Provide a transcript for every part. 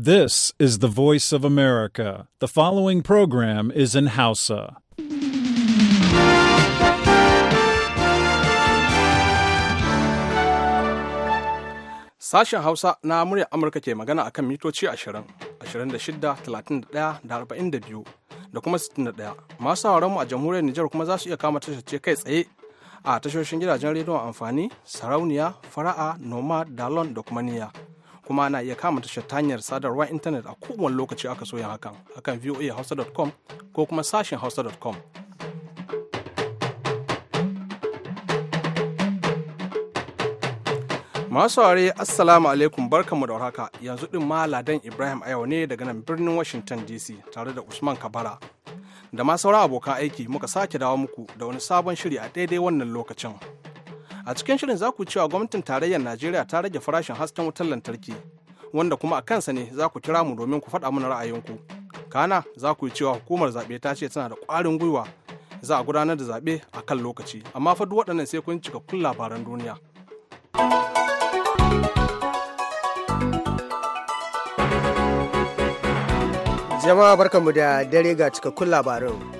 This is the voice of America. The following program is in Hausa. Sashen Hausa na muryar Amurka ke magana akan mitoci 20, 26, 31 da 42 da kuma 61. Masu mu a jamhuriyar Nijar kuma za su iya kama tashar kai tsaye a tashoshin gidajen rediyon amfani, sarauniya, fara'a, noma, dalon da kuma niyya. kuma na iya kama tashar ta hanyar sadarwar intanet a kowane lokaci aka so yin hakan akan voahausa.com ko kuma sashen hausa.com masu ware assalamu alaikum barkanmu da warhaka yanzu din ma ladan ibrahim ayawa ne daga nan birnin washington dc tare da usman kabara da ma sauran abokan aiki muka sake dawo muku da wani sabon shiri a daidai wannan lokacin a cikin shirin za ku cewa gwamnatin tarayyar najeriya ta rage farashin hasken wutar lantarki wanda kuma a kansa ne za ku kira mu domin ku faɗa mana ra'ayinku kana za ku yi cewa hukumar zaɓe ta ce tana da ƙwarin gwiwa za a gudanar da zaɓe a kan lokaci amma fa duk waɗannan sai kun cikakkun labaran duniya jama'a barkanmu da dare ga cikakkun labaran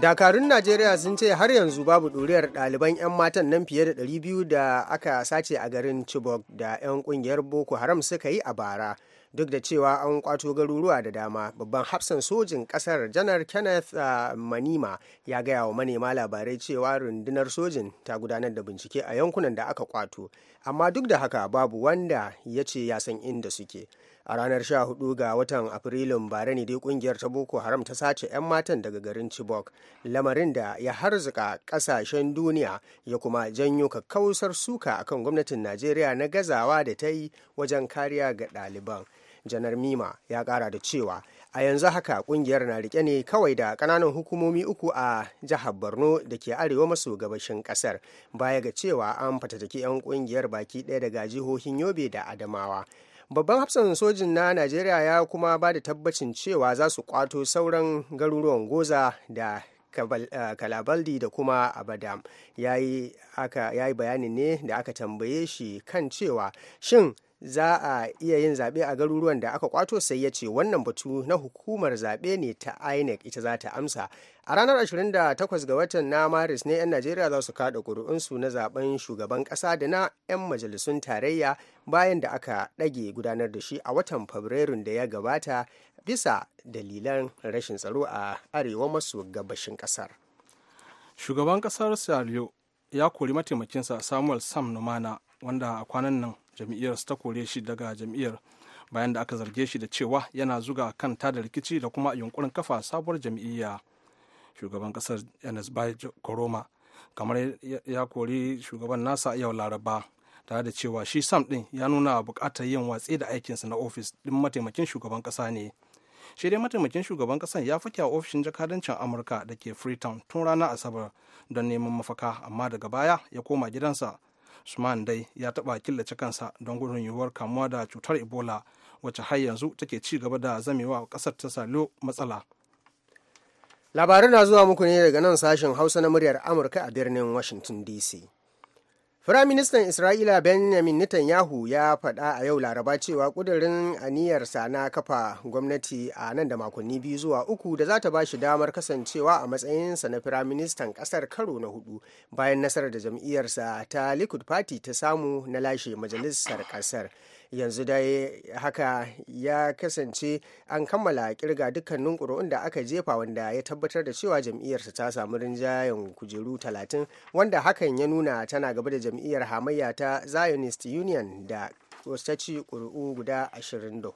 dakarun najeriya sun ce har yanzu babu ɗuriyar ɗaliban 'yan matan nan fiye da 200 da aka sace a garin chibok da 'yan ƙungiyar boko haram suka yi a bara duk da cewa an kwato garuruwa da dama babban hafsan sojin kasar janar kenneth uh, manima ya gaya wa manema labarai cewa rundunar sojin ta gudanar da bincike a yankunan da aka kwato amma duk da haka babu wanda ya ce ya san inda suke a ranar 14 ga watan afrilun bare ne dai kungiyar ta boko haram ta sace 'yan matan daga garin chibok lamarin da ya harzuka kasashen duniya ya kuma janyo kakkausar suka akan gwamnatin najeriya na gazawa da ta yi wajen kariya ga ɗaliban janar mima ya kara da cewa a yanzu haka kungiyar na rike ne kawai da kananan hukumomi uku a jihar borno da ke arewa maso gabashin kasar baya ga cewa an fatattaki 'yan kungiyar baki ɗaya daga jihohin yobe da adamawa babban hafsan sojin na najeriya ya kuma ba da tabbacin cewa za su kwato sauran garuruwan goza da eh, kalabaldi da kuma abadam ya yi bayanin ne da aka tambaye shi kan cewa shin za a iya yin zaɓe a garuruwan da aka kwato sai ya ce wannan batu na hukumar zaɓe ne ta inec ita za ta amsa a ranar 28 ga watan na maris ne 'yan najeriya za su kada ƙuri'unsu na zaben shugaban ƙasa da na 'yan majalisun tarayya bayan da aka ɗage gudanar da shi a watan fabrairun da ya gabata bisa dalilan rashin tsaro a arewa maso gabashin ƙasar shugaban ƙasar saliyo ya kori mataimakinsa samuel sam numana wanda a kwanan nan jam'iyyar ta kore shi daga jam'iyyar bayan da aka zarge shi da cewa yana zuga kan tada rikici da kuma yunkurin kafa sabuwar jam'iyya shugaban kasar yanis bai koroma kamar ya kori shugaban nasa yau laraba tare da cewa shi sam din ya nuna bukatar yin watsi da aikinsa na ofis din mataimakin shugaban kasa ne shi dai mataimakin shugaban kasan ya fake a ofishin jakadancin amurka da ke freetown tun ranar asabar don neman mafaka amma daga baya ya koma gidansa usman dai ya taɓa killace kansa don gudun yiwuwar kamuwa da cutar ebola wacce har yanzu take ci gaba da zamewa a ƙasar ta salo matsala labarin na zuwa muku ne daga nan sashen hausa na muryar amurka a birnin washington dc Firaministan Isra'ila Benjamin Netanyahu ya faɗa a yau Laraba cewa ƙudurin aniyarsa na kafa gwamnati a nan da makonni biyu zuwa uku da za ta ba shi damar kasancewa a matsayinsa na firaministan ƙasar karo na hudu bayan nasarar da jam'iyyarsa ta Likud Party ta samu na lashe majalisar ƙasar. yanzu dai haka ya kasance an kammala kirga dukkanin ƙuri'un da aka jefa wanda ya tabbatar da cewa jam'iyyarsa ta samu rinjayen kujeru 30 wanda hakan ya nuna tana gaba da jam'iyyar hamayya ta zionist union da ta ci ƙuri'u guda 24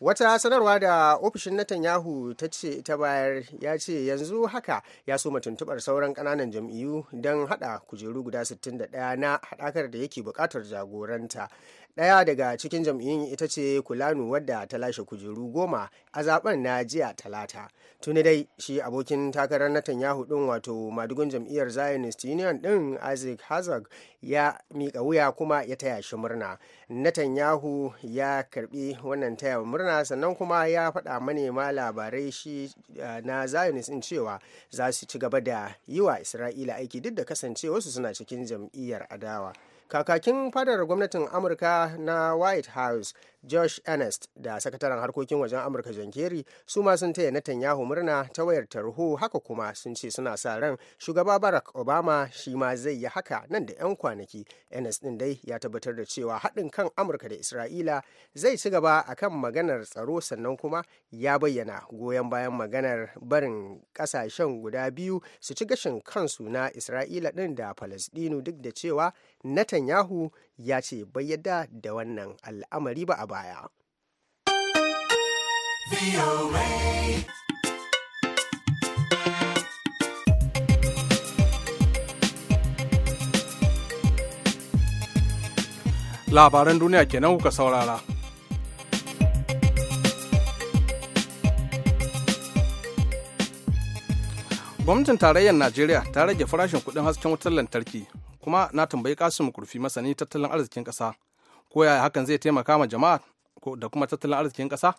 wata sanarwa da ofishin netanyahu ta ce ta bayar ya ce yanzu haka ya so tuntubar sauran kananan jam'iyyu don hada kujeru guda 61 na hadakar da yake bukatar jagoranta ɗaya daga cikin jam'iyyun ita ce kulanu wadda ta lashe kujeru goma a zaben na jiya talata tuni dai shi abokin takarar netanyahu din wato madugun jam'iyyar zionist union din isaac hazard ya miƙa wuya kuma ya taya shi murna netanyahu ya karbi wannan taya murna sannan kuma ya faɗa manema labarai shi eh, na zionist in cewa za su ci gaba da yi wa isra'ila aiki duk da kasancewarsu suna cikin jam'iyyar adawa kakakin fadar gwamnatin amurka na white house Josh Ernest da sakataren harkokin wajen Amurka John Kerry su ma sun taya Netanyahu murna ta wayar tarho haka kuma sun ce suna sa ran shugaba Barack Obama shi ma zai yi haka nan da 'yan kwanaki. Ernest din dai ya tabbatar da cewa haɗin kan Amurka da Isra'ila zai ci gaba akan maganar tsaro sannan kuma ya bayyana goyon bayan maganar barin ƙasashen guda biyu su ci gashin kansu na Isra'ila ɗin da Falasɗinu duk da cewa Netanyahu ya ce bai yadda da wannan al'amari ba a baya. Labaran duniya kenan kuka saurara. Gwamnatin tarayyar Najeriya ta rage farashin kudin hasken wutar lantarki kuma na tambayi kasim kurfi masani tattalin arzikin ƙasa ko yaya hakan zai taimaka ma jama'a da kuma tattalin arzikin ƙasa?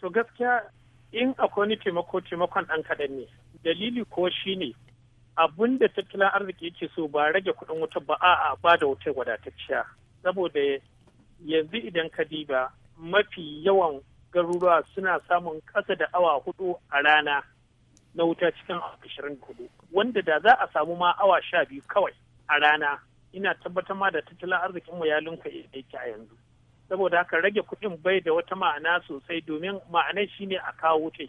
to gaskiya in akwai ni taimako taimakon ɗan kaɗan ne dalili ko shi ne abun da tattalin arziki yake so ba rage kuɗin wuta ba a ba da wuta wadatacciya saboda yanzu idan ka diba mafi yawan garuruwa suna samun ƙasa da awa hudu a rana na wuta cikin ashirin hudu wanda da za a samu ma awa sha biyu kawai a rana ina tabbatar ma da tattalin arzikin mu ya lunka yake a yanzu saboda haka rage kuɗin bai da wata ma'ana sosai domin ma'anai shine a kawo wuce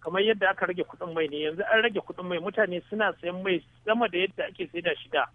kamar yadda aka rage kuɗin mai ne yanzu an rage kuɗin mai mutane suna sayan mai sama da yadda ake saida shida. shida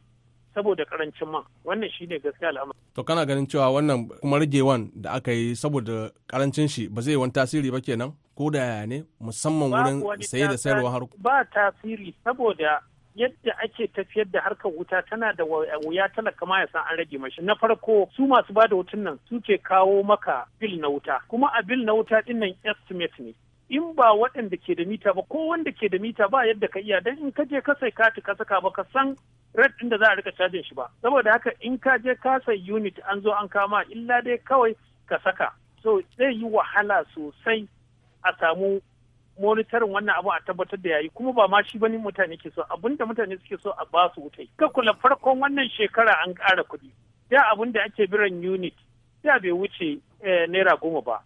saboda karancin man wannan shi ne gaskiya al'amari. to kana ganin cewa wannan kuma ragewan da aka yi saboda karancin shi ba zai wani tasiri ba kenan ko da yaya ne musamman wurin saye da sayarwa har ba tasiri saboda yadda ake tafiyar da harkar wuta tana da wuya tana kama ya san an rage mashi na farko su masu bada wutun nan suke kawo maka bil na wuta kuma a bil na wuta din nan estimate ne in ba waɗanda ke da mita ba ko wanda ke da mita ba yadda ka iya dan in ka je ka sai kati ka saka ba ka san red din da za a rika cajin shi ba saboda haka in ka je ka sai unit an zo an kama illa dai kawai ka saka so zai yi wahala sosai a samu monitorin wannan abu a tabbatar da yayi kuma ba ma shi bane mutane ke so Abun da mutane suke so a ba su wutai ka kula farkon wannan shekara an ƙara kuɗi da abun da ake biran unit da bai wuce eh, naira goma ba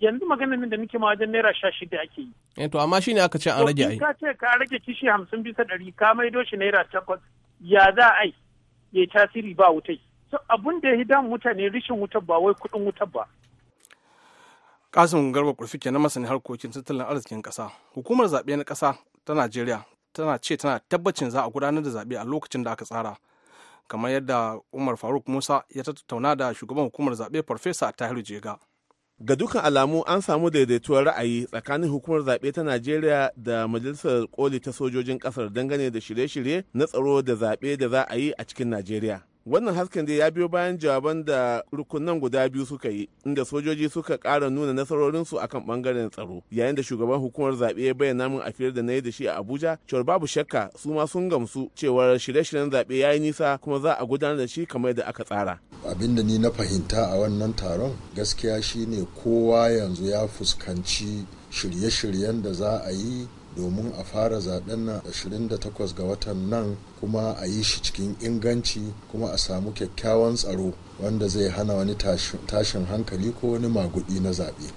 yanzu maganin nan da muke ma wajen naira sha shida ake yi. Eh to amma shine aka ce an rage ai. Ka ce ka rage kishi hamsin bisa ɗari ka maido shi naira takwas ya za ya yi tasiri ba wuta So abun da ya yi damu mutane rishin wutar ba wai kuɗin wutar ba. Kasim Garba Kurfi ke na masanin harkokin tattalin arzikin ƙasa. Hukumar zaɓe na ƙasa ta Najeriya tana ce tana tabbacin za a gudanar da zaɓe a lokacin da aka tsara. Kamar yadda Umar Faruk Musa ya tattauna da shugaban hukumar zaɓe Farfesa Tahiru Jega. Ga dukkan alamu an samu daidaituwar ra'ayi tsakanin hukumar zaɓe ta Najeriya da Majalisar Koli ta sojojin ƙasar dangane da shirye-shirye na tsaro da zaɓe da za a yi a cikin Najeriya. Wannan hasken dai ya biyo bayan jawaban da rukunan guda biyu suka yi, inda sojoji suka ƙara nuna nasarorinsu akan ɓangaren tsaro, yayin da shugaban hukumar zaɓe ya bayyana min afiyar da na yi da shi a Abuja, cewar babu shakka su ma sun gamsu cewar shirye-shiryen zaɓe ya yi nisa kuma za a gudanar da shi kamar da aka tsara. abin da ni na fahimta a wannan taron gaskiya shine kowa yanzu ya fuskanci shirye-shiryen da za a yi domin a fara zaben nan 28 ga watan nan kuma a yi shi cikin inganci kuma a samu kyakkyawan tsaro wanda zai hana wani tashin hankali ko wani magudi na zaɓe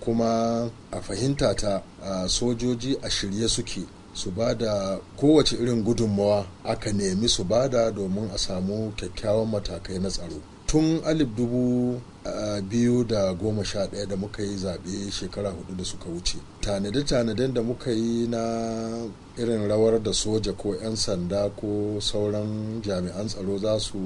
kuma a fahimta ta sojoji a shirye suke su ba da kowace irin gudunmawa aka nemi su ba da domin a samu kyakkyawan matakai na tsaro tun alif dubu ah, biyu da goma sha da muka yi zaɓe shekara hudu da suka wuce tanade-tanaden da muka yi na irin rawar da soja ko 'yan sanda ko sauran jami'an tsaro za su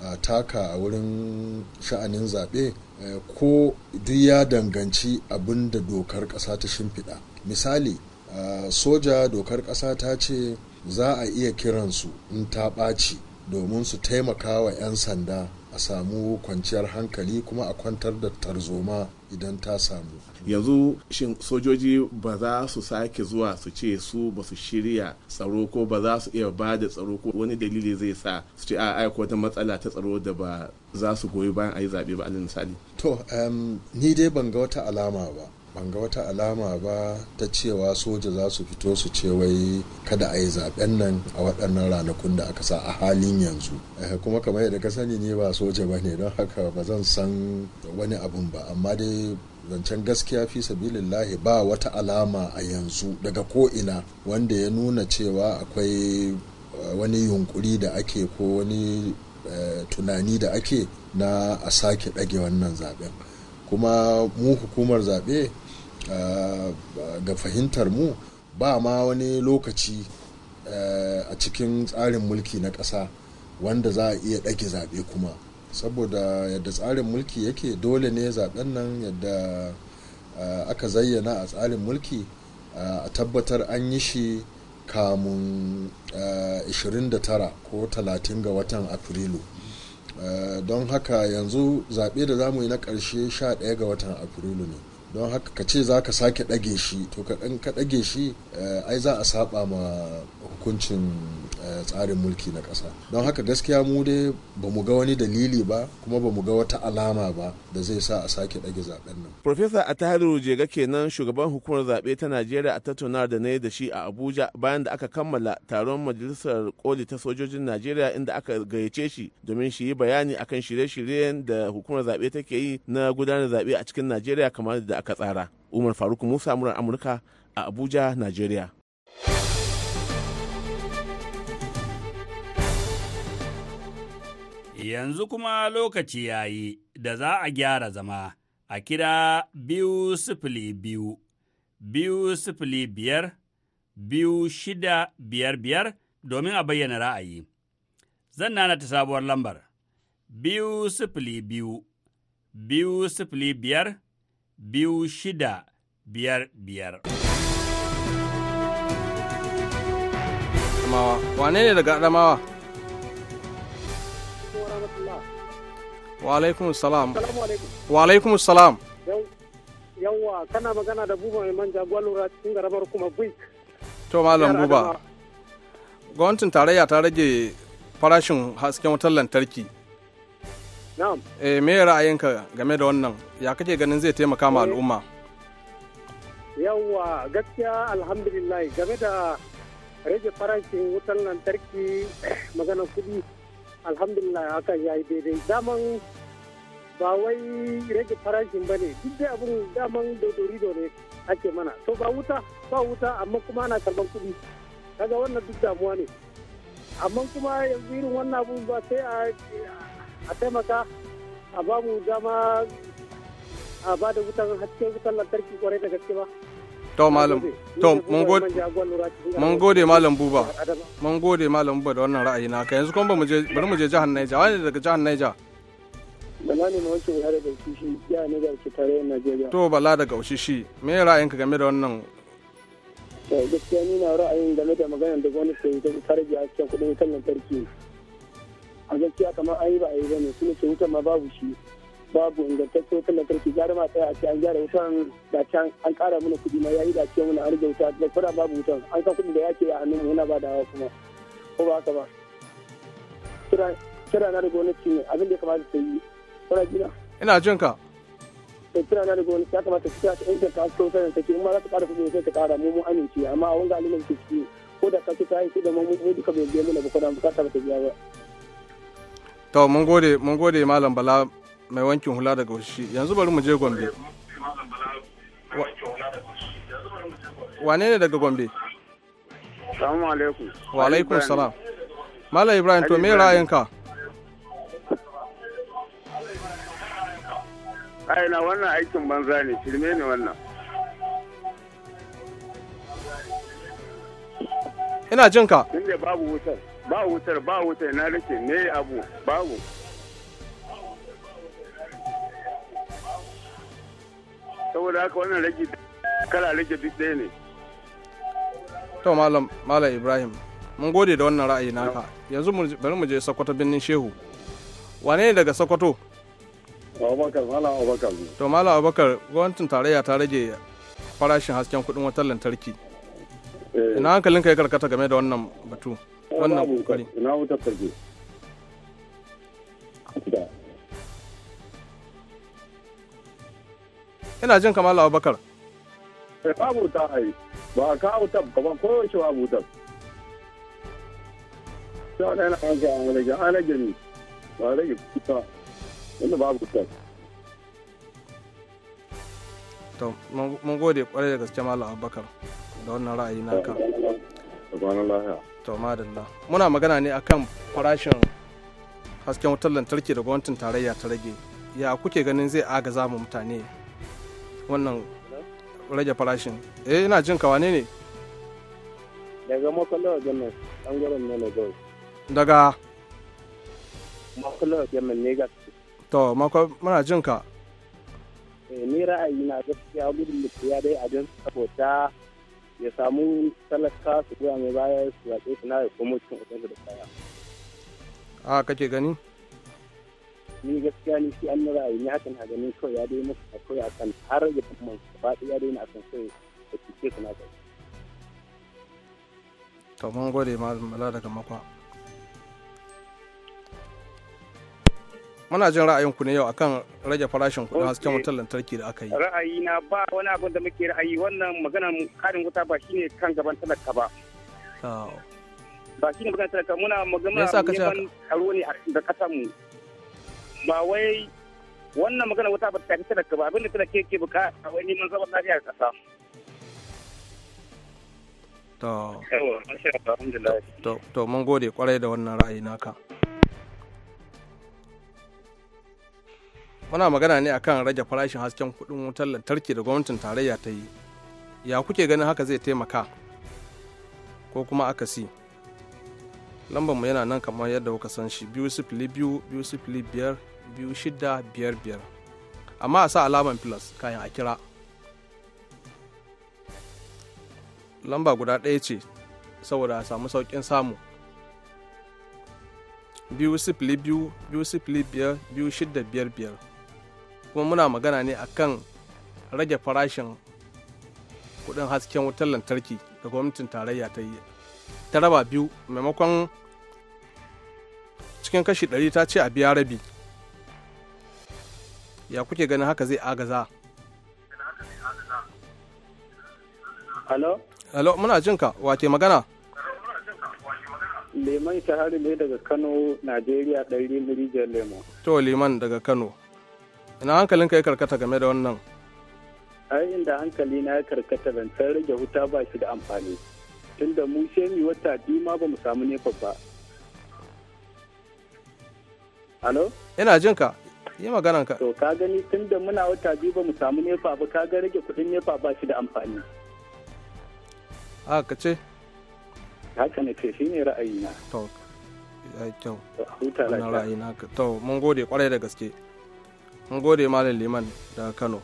a ah, taka a wurin sha'anin zaɓe eh, ko duk ya danganci abin da dokar ƙasa ta shimfiɗa misali ah, soja dokar ƙasa ta ce za a iya kiransu in ta ɓaci domin su taimaka wa 'yan sanda samu kwanciyar hankali kuma a kwantar da tarzoma idan ta samu yanzu shin sojoji ba za su sake zuwa su ce su ba su shirya tsaro ko ba za su iya ba da tsaro ko wani dalili zai sa su ce a aiko wata matsala ta tsaro da ba za su goyi bayan a yi zaɓe ba alin misali to ni dai ban ga wata alama ba ban ga wata alama ba ta cewa soja za su fito su ce wai kada a yi zaben nan a waɗannan ranakun da aka sa a halin yanzu eh, kuma kamar yadda ka sani ne ba soja ba ne don haka ba zan san wani abun ba amma dai zancen gaskiya fi sabilillahi ba wata alama a yanzu daga ko ina wanda ya nuna cewa akwai eh, wani yunkuri da ake ko wani eh, tunani da ake na a sake ɗage wannan zaben kuma mu hukumar zaɓe Eh, ga fahimtar mu ba ma wani lokaci eh, a cikin tsarin mulki na ƙasa wanda za a iya ɗage zaɓe kuma saboda yadda tsarin mulki yake dole ne zaɓen nan yadda eh, aka zayyana a tsarin mulki a tabbatar an yi shi kamun 29 ko 30 ga watan afrilu don haka yanzu zaɓe da zamu yi na ƙarshe 11 ga watan afrilu ne don haka ka ce za ka sake ɗage shi to ka ɗan ka ɗage shi eh, ai za a saba ma hukuncin eh, tsarin mulki na ƙasa don haka gaskiya mu dai ba mu ga wani dalili ba kuma ba mu ga wata alama ba da zai sa a sake ɗage zaben nan. Profesa Atahiru Jega kenan shugaban hukumar zaɓe ta Najeriya a tattaunawar da na yi da shi a Abuja bayan da aka kammala taron majalisar koli ta sojojin Najeriya inda aka gayyace shi domin shi yi bayani akan shirye-shiryen da hukumar zaɓe take yi na gudanar zaɓe a cikin Najeriya kamar da aka tsara umar faruk musa murar amurka a abuja nigeria yanzu kuma lokaci ya yi da za a gyara zama a kira biyu sifili biyu biyu sifili biyar biyu shida biyar biyar domin a bayyana ra'ayi zan nana ta sabuwar lambar biyu sifili biyu biyu sifili biyar biyu shida biyar biyar. Adamawa, wane ne daga Adamawa? Wa alaikum salam. Wa salam. Yawwa, kana magana da buba mai manja gwalura cikin garabar kuma Greek. To malam buba. Gwamnatin tarayya ta rage farashin hasken wutar lantarki. eh me ra'ayinka game da wannan ya kake ganin zai taimaka ma eh. al'umma yawwa gaskiya alhamdulillah game da rage farashin wutan lantarki magana kudi alhamdulillah haka ya yi daidai daman ba wai rage farashin ba ne duk da abin daman da ne ake mana to ba wuta ba wuta amma kuma ana karban kudi kaga wannan duk damuwa ne amma kuma yanzu irin wannan abun ba sai a a taimaka a ba mu dama a ba da wutan haske wutan lantarki kwarai da gaske ba to malam to mun gode malam buba mun gode malam buba da wannan ra'ayi naka yanzu kuma bari mu je jihar Niger wani daga jihar naija. Bala ne mawancin wuya daga Ushishi ya ne da ke na Najeriya. To Bala daga shi, me ra'ayinka game da wannan gaskiya ni na ra'ayin game da maganar da gwamnati ta rage cikin kuɗin wutar lantarki a gaskiya kamar an yi ba a yi bane ne kuma ce wutan ma babu shi babu ingantaccen wutan lantarki gara ma tsaya a ce an gyara wutan da can an kara mana kuɗi ma yayi da ce mana an rage wuta da fara babu wutan an san kuɗi da yake a hannun mu yana ba da kuma ko ba haka ba kira na da gwamnati ne abin da ya kamata ta yi kuna gina ina jin ka eh, kira na da gwamnati ya kamata su ta inganta hasken in ma za ta kara kuɗi sai ta kara mu mu amince amma a wanga alimin ciki ko da ci ta yi kuɗin mu duka bai biya mana ba ko da bukata ba ta biya ba to mun gode mun gode malam bala mai wankin hula daga shi yanzu bari mu je gombe wane ne daga gombe salamu alaikum wa alaikum salam malam ibrahim to me ra'ayinka na wannan aikin banza ne shirme ne wannan ina jinka inda babu wutar ba wutar ba wutar na rike ne abu babu saboda haka wannan rage kala rage duk ɗaya ne to malam malam ibrahim mun gode da wannan ra'ayi naka yanzu bari mu je sokoto birnin shehu wane ne daga sokoto abubakar malam abubakar to malam abubakar gwamnatin tarayya ta rage farashin hasken kuɗin wutar lantarki eh. ina hankalinka ya karkata game da wannan batu wannan kokari ina wutar take ina jin kamar lawa bakar ba babu ta ai ba ka wutar ba ba ko shi ba babu wutar sai ana an ga an ga ana rage ni ba rage kusa inda babu wutar to mun gode kwarai da gaske malam abubakar da wannan ra'ayi na ka To madalla. Muna magana ne akan farashin hasken wutar lantarki da gwamnatin tarayya ta rage. Ya kuke ganin zai agaza mu mutane wannan rage farashin. Eh ina jin kawane ne? Daga Makalawa Jamus, ɓangaren ne Lagos. Daga? ne Jamus, Lagos. To, mako muna jin ka. Eh, ni ra'ayi na gaskiya gudun da ya dai a don saboda ya samu talaka su zuwa mai baya su yaƙe su na da komo cikin ƙasar da kaya. a kake gani? ni gaskiya ni shi an yi ni hakan na ganin kawai ya dai musu akwai akan har ya fi mai faɗi ya daina akan sai da cike su na gari. to mun gode malam bala daga makwa. muna jin ra'ayinku ne yau akan rage farashin kuɗin hasken wutar lantarki da aka yi ra'ayi na ba wani abin da muke ra'ayi wannan maganar karin wuta ba shine kan gaban talaka ba ba shine maganar talaka muna maganar neman tsaro ne da ƙasar mu ba wai wannan maganar wuta ba ta fi talaka ba abin da talaka yake bukata wani neman zaman lafiya da ƙasa to to mun gode kwarai da wannan ra'ayi naka muna magana ne akan rage farashin hasken kuɗin wutar lantarki da gwamnatin tarayya ta yi ya kuke ganin haka zai taimaka ko kuma akasi lambanmu yana nan kamar yadda kuka san shi biyu sifili biyu biyu sifili biyar biyu shida biyar biyar amma a sa alaman plus kayan a kira lamba guda ɗaya ce saboda a samu sauƙin samu biyu sifili biyu biyu sifili biyar biyu shida biyar biyar kuma muna magana ne akan rage farashin kudin hasken wutar lantarki da gwamnatin tarayya ta yi ta raba biyu maimakon cikin kashi 100 ta ce a biya rabi ya kuke ganin haka zai agaza Halo? Halo, muna jin ka, wace magana? Liman Shahari ne daga Kano, Najeriya, ɗari Rijiyar Lemo. To, Liman daga Kano. ina hankalinka ya karkata game da wannan ai inda hankali na ya karkata san rage wuta ba shi da amfani tunda mu sai mu wata biyu ma ba mu samu nefa ba alo ina jin ka yi maganan ka to ka gani tunda muna wata biyu ba mu samu nefa ba ka ga rage kudin nefa ba shi da amfani a ka ce haka ne ce shine ra'ayina to ai kyau huta lafiya ra'ayina to mun gode kwarai da gaske mun gode malam liman daga kano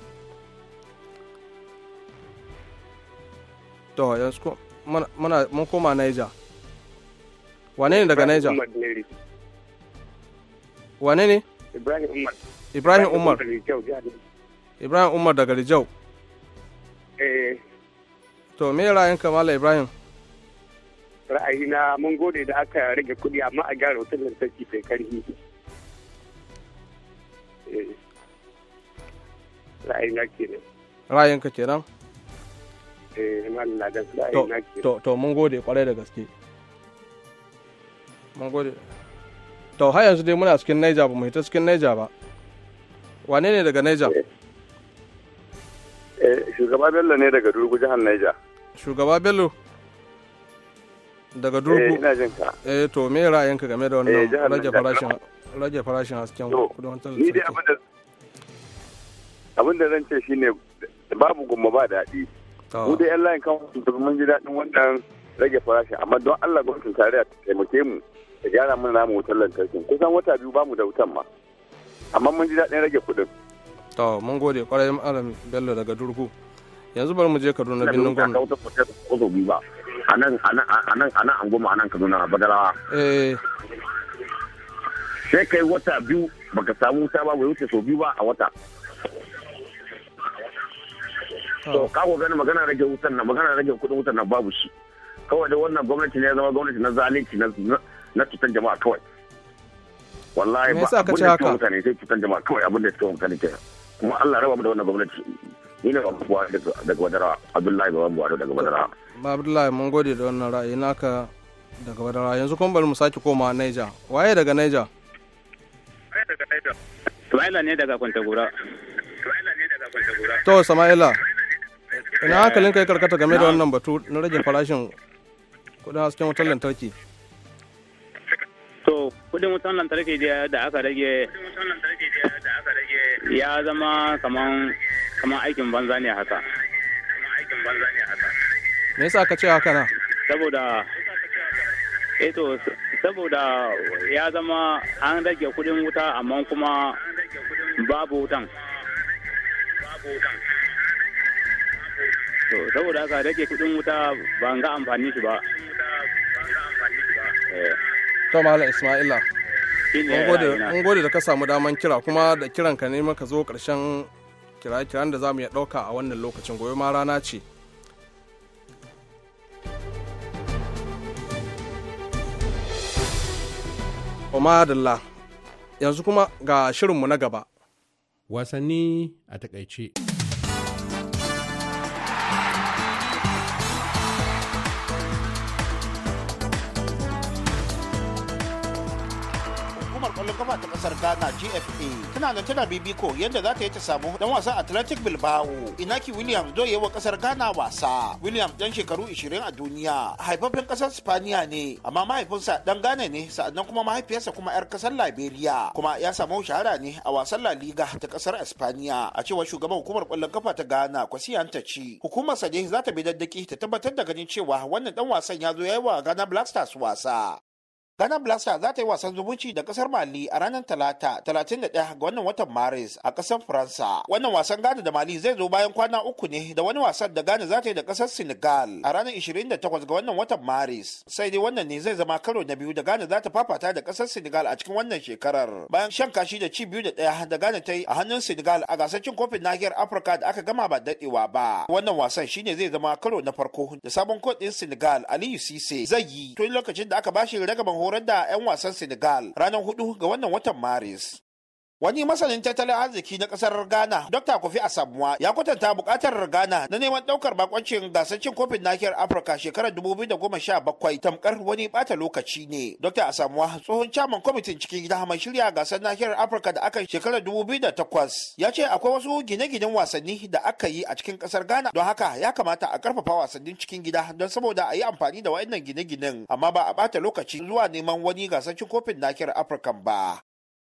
to yanzu mana mun koma niger wane ne daga niger wane ne ibrahim umar ibrahim umar ibrahim umar daga rijau eh. to me ra'ayin kamala ibrahim ra'ayina mun gode da aka rage kuɗi amma a gyara wutar lantarki sai karhi eh. ra'ayina kenan ra'ayinka kenan eh malam na dan ra'ayina kenan to to mun gode kwarai da gaske mun gode to har yanzu dai muna cikin Niger ba mu hita cikin Niger ba wane ne daga Niger eh, eh shugaba Bello ne daga Durgu jihar Niger shugaba Bello daga Durgu eh, eh to me ra'ayinka game da wannan eh, rage farashin rage farashin hasken kudin lantarki ni dai abin da abin da zan ce shine babu gumma ba daɗi mu da yan layin kan mun ji daɗin wannan rage farashi amma don Allah gwamnatin tarayya ta taimake mu da gyara mana namu wutar lantarki kusan wata biyu bamu da wutan ma amma mun ji daɗin rage kuɗin. to mun gode kwarai malam bello daga durgu yanzu bari mu je kaduna birnin gwamnati. nan a nan an goma a nan kaduna a eh sai kai wata biyu baka samu wuta ba bai wuce sau biyu ba a wata. to kago gani magana rage wutan nan magana rage kudin wutan nan babu shi kawai da wannan gwamnati ne zama gwamnati na zalunci na cutan jama'a kawai wallahi ba abin da suke mutane sai cutan jama'a kawai abin da suke mutane kenan kuma Allah raba mu da wannan gwamnati ni ne babu kuwa daga badara Abdullahi babu kuwa daga badara Abdullahi mun gode da wannan ra'ayi naka daga badara yanzu kuma bari mu sake koma Niger waye daga Niger Sama'ila ne daga Kwantagura. To Sama'ila. ina hankalin kai karkata game da wannan batu na rage farashin kudin hasken wutar lantarki to kudin wutar lantarki da aka rage ya zama kaman kaman aikin banza ne haka me yasa ka ce haka na saboda eto eh saboda ya zama an rage kudin wuta amma kuma babu wutan babu wutan to saboda haka rage kuɗin wuta ba ga amfani shi ba eh. to malam ismaila mun gode da ka samu daman kira kuma da kiran ka ne ka zo karshen kira-kiran da za mu iya ɗauka a wannan lokacin goyo ma rana ce Omadalla yanzu kuma ga shirinmu na gaba wasanni a takaice kasar ghana gfa tana da tana bibiko yadda za ta yi ta samu dan wasan atlantic bilbao inaki williams yi wa kasar ghana wasa williams dan shekaru 20 a duniya haifafin kasar spaniya ne amma mahaifinsa dan ghana ne sa'annan kuma mahaifiyarsa kuma yar kasar liberia kuma ya samu shahara ne a wasan la liga ta kasar spaniya a cewar shugaban hukumar kwallon kafa ta ghana kwasi ci hukumar sa ne za ta bi daddaki ta tabbatar da ganin cewa wannan dan wasan ya zo ya yi wa ghana black stars wasa Ghana Blaster za ta yi wasan zumunci da kasar Mali a ranar Talata 31 ga wannan watan Maris a kasar Faransa. Wannan wasan Ghana da Mali zai zo bayan kwana uku ne da wani wasan da Ghana za ta yi da kasar Senegal a ranar 28 ga wannan watan Maris. Sai dai wannan ne zai zama karo na biyu da Ghana za ta fafata da kasar Senegal a cikin wannan shekarar. Bayan shan kashi da ci biyu da ɗaya da Ghana ta yi a hannun Senegal a gasar cin kofin nahiyar Afirka da aka gama ba daɗewa ba. Wannan wasan shine zai zama karo na farko da sabon kodin Senegal Aliyu Sise zai yi tun lokacin da aka bashi ragaban horar da 'yan wasan Senegal ranar hudu ga wannan watan Maris. Wani masanin tattalin arziki na kasar Ghana, Dr. Kofi Asamuwa, ya kwatanta bukatar Ghana na neman daukar bakoncin gasar cin kofin nahiyar Afirka shekarar 2017 tamkar wani bata lokaci ne. Dr. Asamuwa, tsohon caman kwamitin cikin gida mai shirya gasar nahiyar Afirka da aka shekarar 2008, ya ce akwai wasu gine-ginen wasanni da aka yi a cikin kasar Ghana don haka ya kamata a karfafa wasannin cikin gida don saboda a yi amfani da waɗannan gine-ginen amma ba a bata lokaci zuwa neman wani gasar cin kofin nahiyar Afirka ba.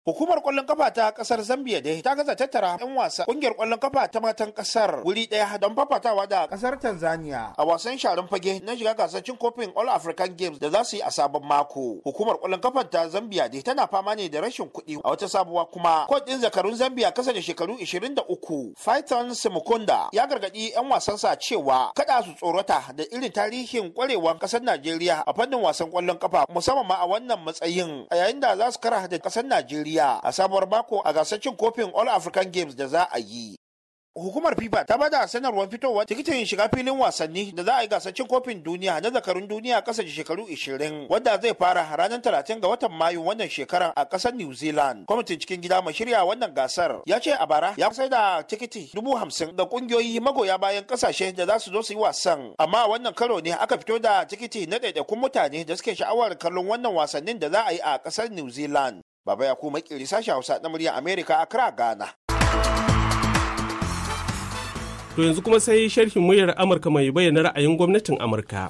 Hukumar kwallon kafa ta kasar Zambia da ta gaza tattara 'yan wasa kungiyar kwallon kafa ta matan kasar wuri daya don fafatawa da kasar Tanzania a wasan sharan fage na shiga gasar cin kofin All African Games da za su yi a sabon mako. Hukumar kwallon kafa ta Zambia da tana fama ne da rashin kuɗi a wata sabuwa kuma kot din zakarun Zambia kasa da shekaru 23 Python Simukunda ya gargaɗi 'yan wasansa cewa kada su tsorata da irin tarihin kwarewar kasar Najeriya a fannin wasan kwallon kafa musamman ma a wannan matsayin a yayin da za su kara da kasar Najeriya. Najeriya a sabuwar mako a gasar cin kofin All African Games da za a yi. Hukumar FIFA ta bada sanarwar fitowa tikitin shiga filin wasanni da za a yi gasar cin kofin duniya na zakarun duniya kasashe shekaru 20 wadda zai fara ranar 30 ga watan Mayu wannan shekarar a kasar New Zealand. Kwamitin cikin gida mai shirya wannan gasar ya ce a bara ya sai da tikiti dubu hamsin da kungiyoyi magoya bayan kasashe da za su zo su yi wasan. Amma wannan karo ne aka fito da tikiti na ɗaiɗaikun mutane da suke sha'awar kallon wannan wasannin da za a yi a kasar New Zealand. Baba ya kuma kiri sashi Hausa na murya Amerika a kira Ghana. To yanzu kuma sai sharhin muryar Amurka mai bayyana ra'ayin gwamnatin Amurka.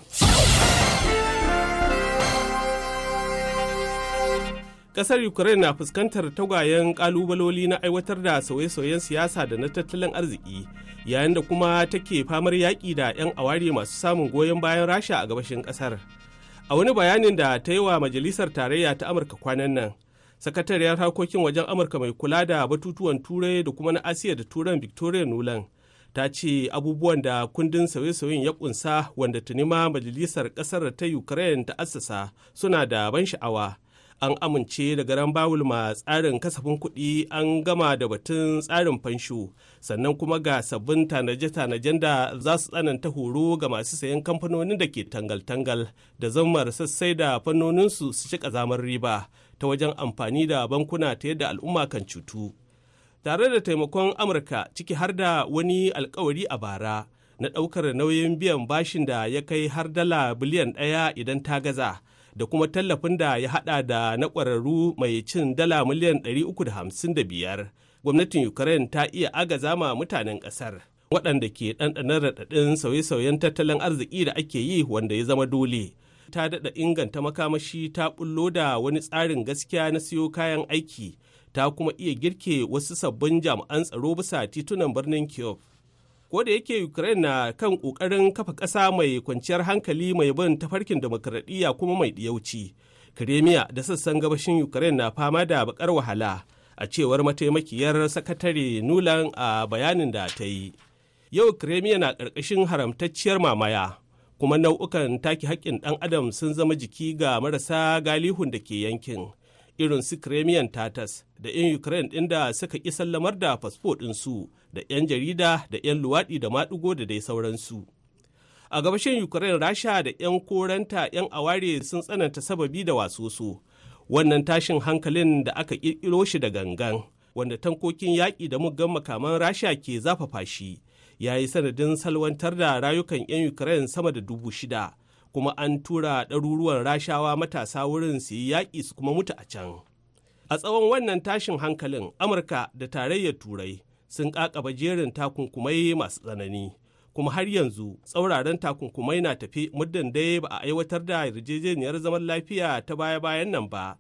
Ƙasar Ukraine na fuskantar tagwayen ƙalubaloli na aiwatar da sauye-sauyen siyasa da na tattalin arziki, yayin da kuma take famar yaƙi da 'yan aware masu samun goyon bayan rasha a gabashin ƙasar, A wani bayanin da ta yi wa Majalisar Tarayya ta Amurka kwanan nan, sakatariyar harkokin wajen amurka mai kula da batutuwan turai da kuma na asiya da turan victoria nolan ta ce abubuwan da kundin sauye-sauyen ya kunsa wanda tuni ma majalisar kasar ta ukraine ta assasa suna da ban sha'awa an amince da garan bawul ma tsarin kasafin kuɗi an gama da batun tsarin fansho sannan kuma ga sabbin tanaje-tanajen da za su tsananta horo ga masu sayan kamfanonin da ke tangal-tangal da zammar sassai da fannoninsu su ci ƙazamar riba ta wajen amfani da bankuna ta yadda al'umma kan cutu. Tare da taimakon Amurka ciki har da wani alkawari a bara na ɗaukar nauyin biyan bashin da ya kai har dala biliyan ɗaya idan ta gaza da kuma tallafin da ya haɗa da na ƙwararru mai cin dala miliyan ɗari uku da da hamsin biyar. gwamnatin Ukraine ta iya agaza ma mutanen ƙasar. waɗanda ke ɗanɗanar raɗaɗin sauye-sauyen tattalin arziki da ake yi wanda ya zama dole ta daɗa inganta makamashi ta bullo da wani tsarin gaskiya na siyo kayan aiki ta kuma iya girke wasu sabbin jami'an tsaro bisa titunan birnin kyiv ko da yake ukraine na kan ƙoƙarin kafa ƙasa mai kwanciyar hankali mai bin tafarkin demokradiyya kuma mai ɗiyauci kremiya da sassan gabashin ukraine na fama da bakar wahala a cewar mataimakiyar sakatare nulan a bayanin da ta yi yau kremiya na ƙarƙashin haramtacciyar mamaya kuma nau'ukan taki haƙƙin ɗan adam sun zama jiki ga marasa galihun da ke yankin irin su kremian tatas da 'yan ukraine ɗin da suka ƙi sallamar da fasfo ɗinsu da 'yan jarida da 'yan luwaɗi da maɗigo da dai sauransu a gabashin ukraine rasha da 'yan koranta 'yan aware sun tsananta sababi da wasoso wannan tashin hankalin da aka ƙirƙiro shi da gangan wanda tankokin yaƙi da muggan makaman rasha ke zafafa shi ya yi sanadin salwantar da rayukan 'yan Ukraine sama da dubu shida, kuma an tura ɗaruruwan rashawa matasa wurin su yi yaƙi su kuma mutu a can. A tsawon wannan tashin hankalin, Amurka da tarayyar Turai sun ƙaƙaba jerin takunkumai masu tsanani. Kuma har yanzu tsauraran takunkumai na tafi muddin dai ba a aiwatar da yarjejeniyar zaman lafiya ta baya-bayan nan ba.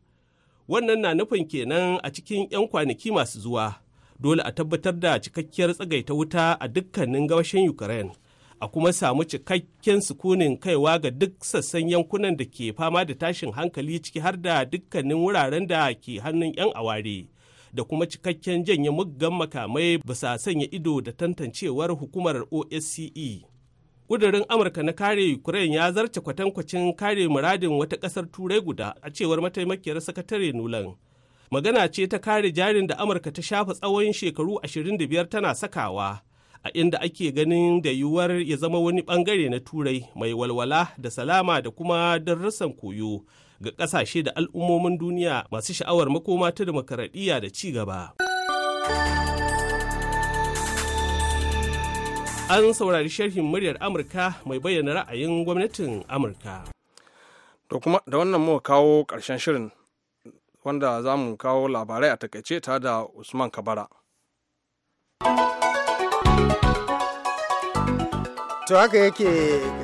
Wannan na nufin kenan a cikin 'yan kwanaki masu zuwa. dole a tabbatar da cikakkiyar tsagaita wuta a dukkanin gabashin ukraine a kuma samu cikakken sukunin kaiwa ga duk sassan yankunan da ke fama da tashin hankali ciki har da dukkanin wuraren da ke hannun 'yan aware da kuma cikakken janye muggan makamai bisa sanya ido da tantancewar hukumar osce ƙudurin amurka na kare ukraine ya zarce kwatankwacin kare muradin wata ƙasar turai guda a cewar mataimakiyar sakatare nulan magana ce ta kare jarin da amurka ta shafa tsawon shekaru 25 tana sakawa a inda ake ganin da yiwuwar ya zama wani bangare na turai mai walwala da salama da kuma darussan koyo ga kasashe da al'ummomin duniya masu sha'awar makoma ta demokaradiyya da ci gaba. An saurari sharhin muryar Amurka mai bayyana ra'ayin gwamnatin Amurka. Da kuma da wannan muka kawo ƙarshen shirin wanda za mu kawo labarai a takaice ta da Usman Kabara. To haka yake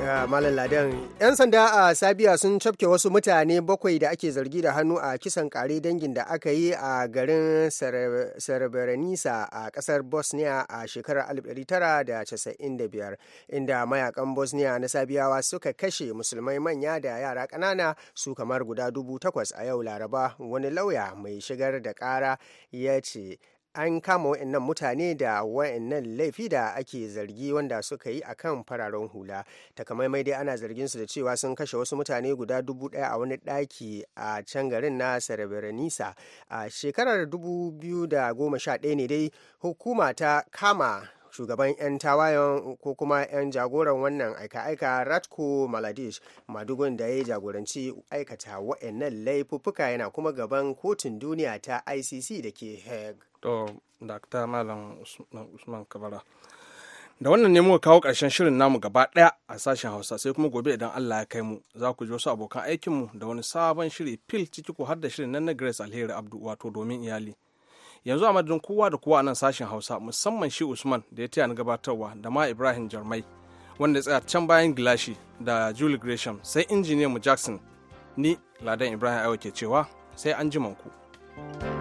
ah, Malam Ladan, 'yan sanda a Sabiya sun cafke wasu mutane bakwai da ake zargi da hannu a kisan kare dangin da aka yi a garin Srebrenica a kasar Bosnia a shekarar 1995, inda mayakan Bosnia na Sabiyawa suka kashe musulmai manya da yara ƙanana su kamar guda dubu takwas a yau Laraba wani lauya mai shigar da ƙara ya ce an kama wa'annan mutane da wa'annan laifi da ake zargi wanda suka yi a kan fararen hula takamaimai dai ana zargin su da cewa sun kashe wasu mutane guda dubu daya a wani daki a can garin na sarabiranisa a shekarar dubu biyu da goma sha ɗaya ne dai hukuma ta kama shugaban 'yan tawayen ko kuma 'yan jagoran wannan aika-aika ratko maladish madugun da ya yi jagoranci aikata wa'annan laifuffuka yana kuma gaban kotun duniya ta icc da ke hague Dr. malam usman kabara da wannan ne muka kawo ƙarshen shirin namu gaba ɗaya a sashen hausa sai kuma gobe idan allah ya kai mu za ku ji wasu abokan aikinmu da wani sabon shiri fil ciki ko har da shirin nan na grace alheri abdu wato domin iyali yanzu a madadin kowa da kowa a nan sashen hausa musamman shi usman da ya taya ni gabatarwa da ma ibrahim jarmai wanda ya tsaya can bayan gilashi da julie gresham sai injiniyan mu jackson ni ladan ibrahim aiwa ke cewa sai an ku. thank you